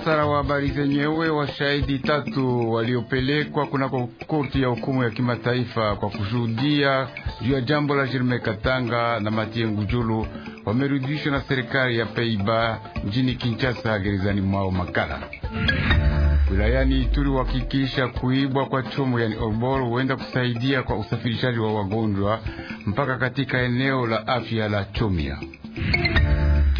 muhtasara wa habari zenyewe. Washahidi tatu waliopelekwa kunako korti ya hukumu ya kimataifa kwa kushuhudia juu ya jambo la Jerme Katanga na Matie Ngujulu wamerudishwa na serikali ya Peiba mjini Kinshasa gerezani mwao Makala wilayani Ituri. Wakikisha kuibwa kwa chomo yani orboro huenda kusaidia kwa usafirishaji wa wagonjwa mpaka katika eneo la afya la Chomia.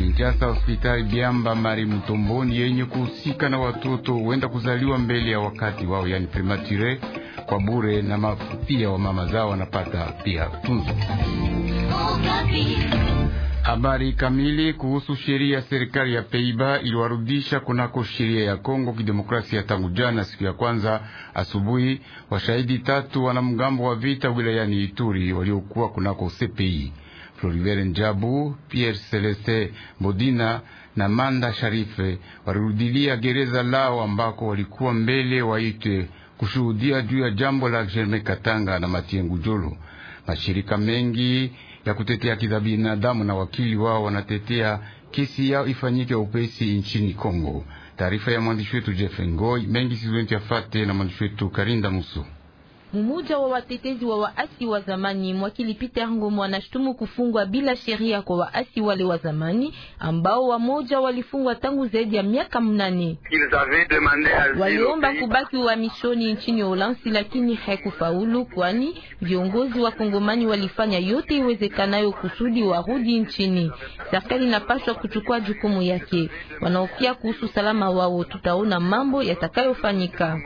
Kinshasa, hospitali Biamba Mari Mtomboni yenye kuhusika na watoto huenda kuzaliwa mbele ya wakati wao, yani premature kwa bure, na pia wa mama zao wanapata pia tunzo. Habari kamili kuhusu sheria ya serikali ya Peiba iliwarudisha kunako sheria ya Kongo Kidemokrasia tangu jana siku ya kwanza asubuhi, washahidi tatu wanamgambo wa vita wilayani Ituri waliokuwa kunako CPI Floribert Njabu, Pierre Celeste Bodina na Manda Sharife walirudilia gereza lao ambako walikuwa mbele waitwe kushuhudia juu ya jambo la Germain Katanga na matie ngujulu Mashirika mengi ya kutetea haki za binadamu na wakili wao wanatetea kesi yao ifanyike upesi nchini Kongo. Taarifa ya mwandishi wetu Jeff Ngoi mengi sizenti yafate na mwandishi wetu Karinda Musu. Mmoja wa watetezi wa waasi wa zamani mwakili Peter Ngomo anashtumu kufungwa bila sheria kwa waasi wale wa zamani ambao wamoja walifungwa tangu zaidi ya miaka mnane. Waliomba kubaki mishoni nchini olansi lakini haikufaulu, kwani viongozi wa Kongomani walifanya yote iwezekanayo kusudi warudi nchini. Serikali inapaswa kuchukua jukumu yake. Wanaofia kuhusu salama wao, tutaona mambo yatakayofanyika.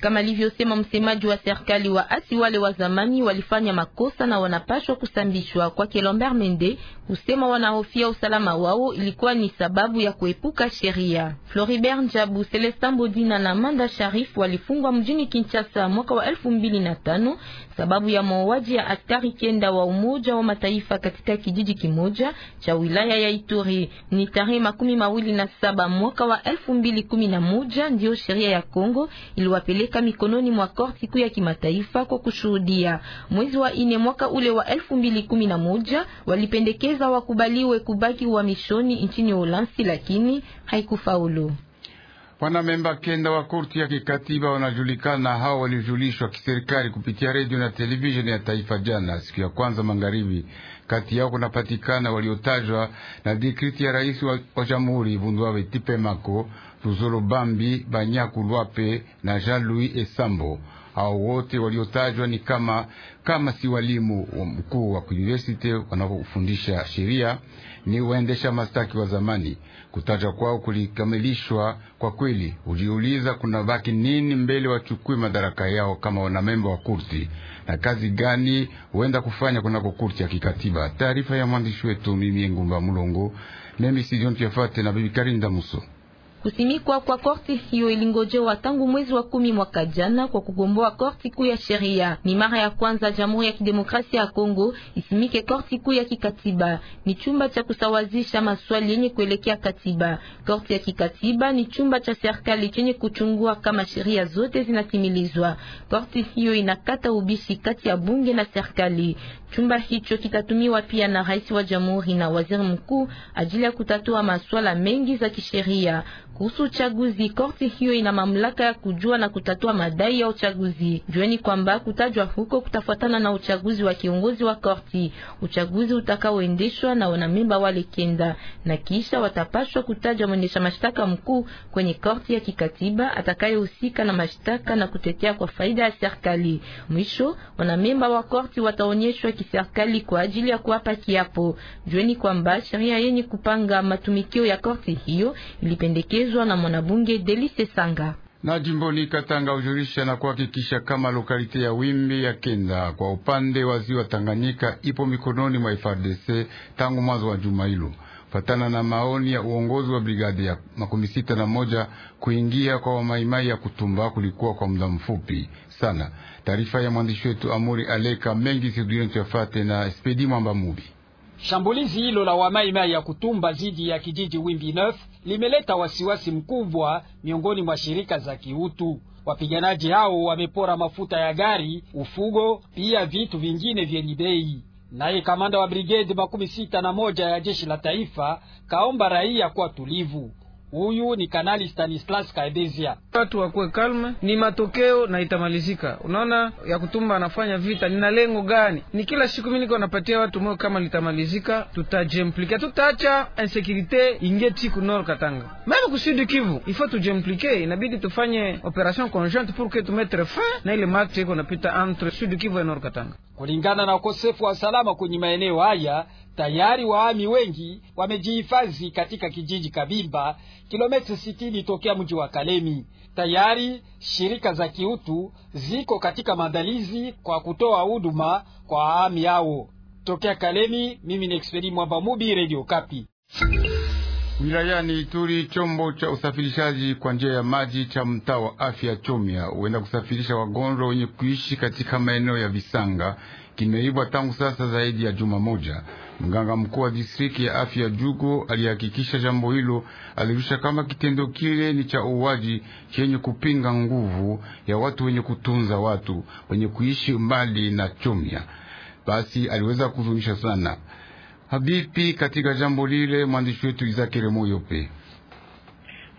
Kama alivyosema msemaji wa serikali, waasi wale wa zamani walifanya makosa na wanapashwa kusambishwa. Kwake Lambert Mende kusema wanahofia usalama wao ilikuwa ni sababu ya kuepuka sheria. Floribert Njabu, Celestin Bodina na Manda Sharif walifungwa mjini Kinshasa mwaka wa elfu mbili na tano sababu ya mauaji ya askari kenda wa Umoja wa Mataifa katika kijiji kimoja cha wilaya ya Ituri. Ni tarehe makumi mawili na saba mwaka wa elfu mbili kumi na moja ndiyo sheria ya Kongo Kongo iliwapeleka mikononi mwa korti kuu ya kimataifa kwa kushuhudia. Mwezi wa ine mwaka ule wa elfu mbili kumi na moja walipendekeza wakubaliwe kubaki mishoni nchini Uholanzi, lakini haikufaulu. Wanamemba kenda wa korti ya kikatiba wanajulikana, hao walijulishwa kiserikali kupitia redio na televisheni ya taifa jana, siku ya kwanza magharibi. Kati yao kunapatikana waliotajwa na dikriti ya rais wa, wa jamhuri Vundwawe Tipemako Tuzolo Bambi, Banyaku Lwape na Jean-Louis Esambo. Hao wote waliotajwa ni kama kama si walimu mkuu wa university wanaofundisha sheria, ni waendesha mastaki wa zamani. Kutajwa kwao kulikamilishwa kwa kweli, ujiuliza kuna baki nini mbele wachukue madaraka yao kama wanamemba wa kurti, na kazi gani huenda kufanya kunako kurti ya kikatiba. Taarifa ya mwandishi wetu mimi Ngumba Mulongo, mimi si John Tuyafate na bibi Karinda Muso. Kusimikwa kwa korti hiyo ilingojewa tangu mwezi wa kumi mwaka jana kwa kugomboa korti kuu ya sheria. Ni mara ya kwanza Jamhuri ya Kidemokrasia ya Kongo isimike korti kuu ya kikatiba. Ni chumba cha kusawazisha maswali yenye kuelekea katiba. Korti ya kikatiba ni chumba cha serikali chenye kuchungua kama sheria zote zinatimilizwa. Korti hiyo inakata ubishi kati ya bunge na serikali. Chumba hicho kitatumiwa pia na rais wa jamhuri na waziri mkuu ajili ya kutatua maswala mengi za kisheria kuhusu uchaguzi. Korti hiyo ina mamlaka ya kujua na kutatua madai ya uchaguzi. Jueni kwamba kutajwa huko kutafuatana na uchaguzi wa kiongozi wa korti, uchaguzi utakaoendeshwa na wanamemba wale kenda, na kisha watapashwa kutajwa mwendesha mashtaka mkuu kwenye korti ya kikatiba atakayehusika na mashtaka na kutetea kwa faida ya serikali. Mwisho, wanamemba wa korti wataonyeshwa kiserikali kwa ajili ya kuwapa kiapo. Jueni kwamba sheria yenye kupanga matumikio ya korti hiyo ilipendekezwa yanayopendekezwa na mwanabunge Delice Sanga na jimboni Katanga hujulisha na kuhakikisha kama lokalite ya Wimbi ya Kenda kwa upande wa ziwa Tanganyika ipo mikononi mwa frdc tangu mwanzo wa juma hilo, fatana na maoni ya uongozi wa brigadi ya makumi sita na moja. Kuingia kwa wamaimai ya kutumba kulikuwa kwa muda mfupi sana. Taarifa ya mwandishi wetu Amuri Aleka mengi siduyafate na spedi mwamba mubi Shambulizi hilo la wamaimai ya kutumba zidi ya kijiji Wimbi 9 limeleta wasiwasi mkubwa miongoni mwa shirika za kiutu. Wapiganaji hao wamepora mafuta ya gari, ufugo, pia vitu vingine vyenye bei. Naye kamanda wa brigade makumi sita na moja ya jeshi la taifa kaomba raia kuwa tulivu. Huyu ni Kanali Stanislas Kaebezia tatu wakuwe kalme, ni matokeo na itamalizika. Unaona ya kutumba anafanya vita, nina lengo gani? Ni kila siku mi niko napatia watu moyo, kama litamalizika, tutajemplike, tutaacha insekurite ingie tiku nor Katanga, meme kusidi Kivu ifo tujemplike, inabidi tufanye operation conjointe pour que tumetre fin na ile marche iko napita entre sudi Kivu nor Katanga. Kulingana na ukosefu wa salama kwenye maeneo haya, tayari waami wengi wamejihifadhi katika kijiji Kabimba kilomita sitini tokea mji wa Kalemi. Tayari shirika za kiutu ziko katika maandalizi kwa kutoa huduma kwa ahami yao. Tokea Kalemi, mimi ni Expedi Mwamba Mubi, Radio Kapi. Wilayani Ituri, chombo cha usafirishaji kwa njia ya maji cha mtaa wa afya Chomia huenda kusafirisha wagonjwa wenye kuishi katika maeneo ya Visanga kimeibwa tangu sasa zaidi ya juma moja. Mganga mkuu wa distriki ya afya Jugo alihakikisha jambo hilo, alirusha kama kitendo kile ni cha uwaji chenye kupinga nguvu ya watu wenye kutunza watu wenye kuishi mbali na chomya Basi aliweza kuzunisha sana habipi katika jambo lile. Mwandishi wetu Izakere Moyope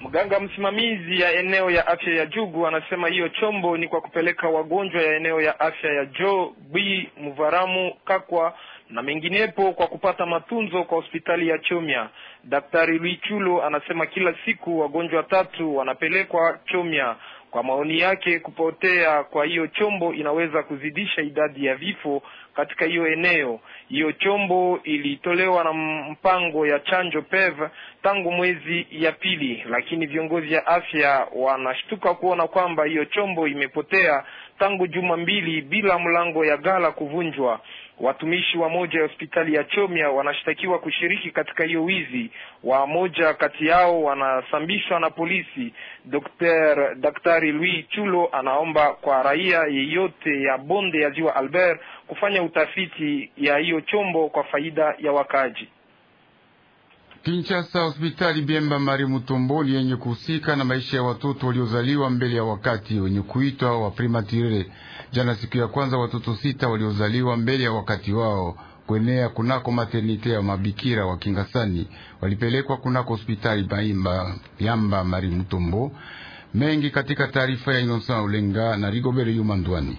Mganga msimamizi ya eneo ya afya ya Jugu anasema hiyo chombo ni kwa kupeleka wagonjwa ya eneo ya afya ya Jo B Muvaramu Kakwa na menginepo kwa kupata matunzo kwa hospitali ya Chomya. Daktari Luichulo anasema kila siku wagonjwa tatu wanapelekwa Chomya. Kwa maoni yake, kupotea kwa hiyo chombo inaweza kuzidisha idadi ya vifo katika hiyo eneo. Hiyo chombo ilitolewa na mpango ya chanjo PEV tangu mwezi ya pili, lakini viongozi ya afya wanashtuka kuona kwamba hiyo chombo imepotea tangu juma mbili bila mlango ya ghala kuvunjwa. Watumishi wa moja ya hospitali ya chomia wanashtakiwa kushiriki katika hiyo wizi. Wamoja kati yao wanasambishwa na polisi. Dr. Daktari Louis Chulo anaomba kwa raia yeyote ya bonde ya Ziwa Albert kufanya utafiti ya hiyo chombo kwa faida ya wakaaji. Kinshasa, hospitali Bemba Mari Mutomboli yenye kuhusika na maisha ya watoto waliozaliwa mbele ya wakati wenye kuitwa wa primatire, Jana siku ya kwanza, watoto sita waliozaliwa mbele ya wakati wao kuenea kunako maternite ya mabikira wa Kingasani walipelekwa kunako hospitali Baimba Yamba Mari Mutombo. Mengi katika taarifa ya Inosa Ulenga na rigobere Yuma Ndwani.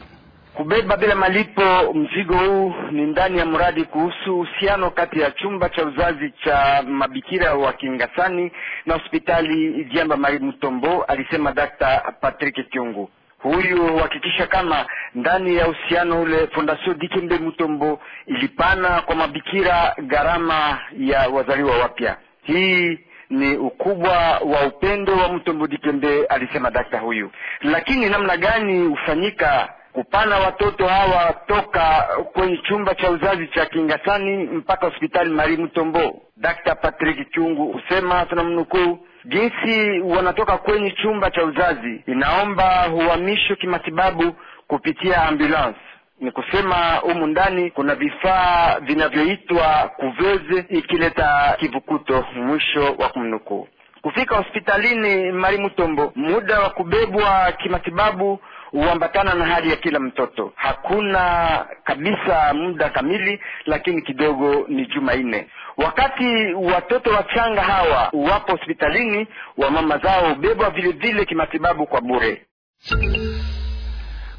Kubeba bila malipo mzigo huu ni ndani ya mradi kuhusu uhusiano kati ya chumba cha uzazi cha mabikira wa Kingasani na hospitali jiamba mari Mutombo, alisema Dr. Patrick Kyungu. Huyu huhakikisha kama ndani ya uhusiano ule Fondation Dikembe Mutombo ilipana kwa mabikira gharama ya wazaliwa wapya. Hii ni ukubwa wa upendo wa Mutombo Dikembe, alisema dakta huyu. Lakini namna gani hufanyika kupana watoto hawa toka kwenye chumba cha uzazi cha Kingasani mpaka hospitali Marimu Tombo. Dr. Patrick Chungu usema tunamnukuu, jinsi wanatoka kwenye chumba cha uzazi inaomba huhamishwe kimatibabu kupitia ambulance. Ni kusema humu ndani kuna vifaa vinavyoitwa kuveze ikileta kivukuto, mwisho wa kumnukuu. Kufika hospitalini Marimu Tombo, muda wa kubebwa kimatibabu huambatana na hali ya kila mtoto. Hakuna kabisa muda kamili, lakini kidogo ni juma nne. Wakati watoto wachanga hawa wapo hospitalini, wa mama zao hubebwa vilevile kimatibabu kwa bure.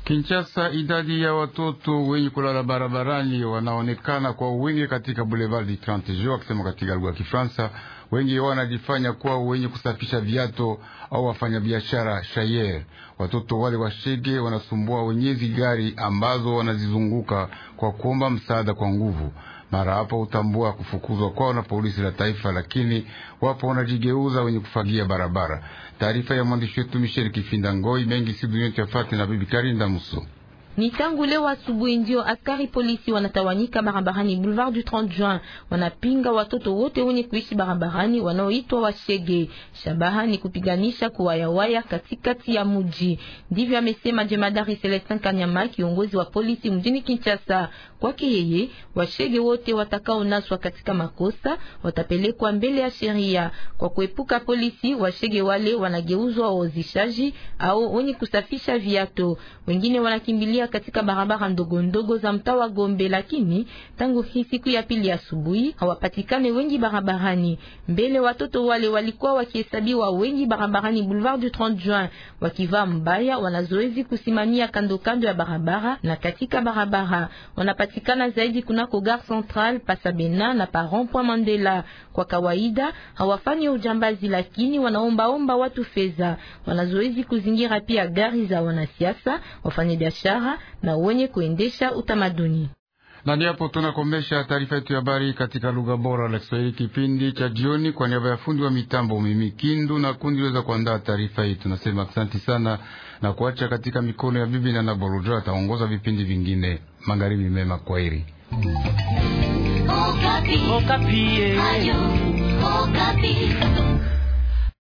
Kinshasa, idadi ya watoto wenye kulala barabarani wanaonekana kwa wingi katika Boulevard du 30 Juin, akisema katika lugha ya Kifaransa wengi wanajifanya kuwa wenye kusafisha viato au wafanyabiashara shayer. Watoto wale washege wanasumbua wenyezi gari ambazo wanazizunguka kwa kuomba msaada kwa nguvu. Mara hapo utambua kufukuzwa kwao na polisi la taifa, lakini wapo wanajigeuza wenye kufagia barabara. Taarifa ya mwandishi wetu Michel Kifinda Ngoi mengi si dunia tuyafate na bibi Karinda Muso. Ni tangu leo asubuhi ndio askari polisi wanatawanyika barabarani Boulevard du 30 Juin, wanapinga watoto wote wenye kuishi barabarani wanaoitwa washege. Shabaha ni kupiganisha kuwayawaya katikati ya mji, ndivyo amesema jemadari Celestin Kanyama, kiongozi wa polisi mjini Kinshasa. Kwake yeye, washege wote watakaonaswa katika makosa watapelekwa mbele ya sheria. Kwa kuepuka polisi, washege wale wanageuzwa waozishaji au wenye kusafisha viato, wengine wanakimbilia katika barabara ndogo ndogo za mtaa wa Gombe, lakini tangu hii siku ya pili asubuhi hawapatikane wengi barabarani. Mbele watoto wale walikuwa wakihesabiwa wengi barabarani Boulevard du 30 Juin, wakivaa mbaya, wanazoezi kusimamia kando kando ya barabara na katika barabara. Wanapatikana zaidi kunako Gare Centrale, Pasabena na Parent Point Mandela. Kwa kawaida hawafanyi ujambazi, lakini wanaombaomba watu fedha, wanazoezi kuzingira pia gari za wanasiasa, wafanyabiashara biashara na wenye kuendesha utamaduni. Na hapo tunakomesha taarifa yetu ya habari katika lugha bora la Kiswahili kipindi cha jioni. Kwa niaba ya fundi wa mitambo, mimi Kindu na kundi liweza kuandaa taarifa hii, tunasema asante sana na kuacha katika mikono ya bibi na Naborojo ataongoza vipindi vingine. Magharibi mema, kwaheri. Okapi. Okapi.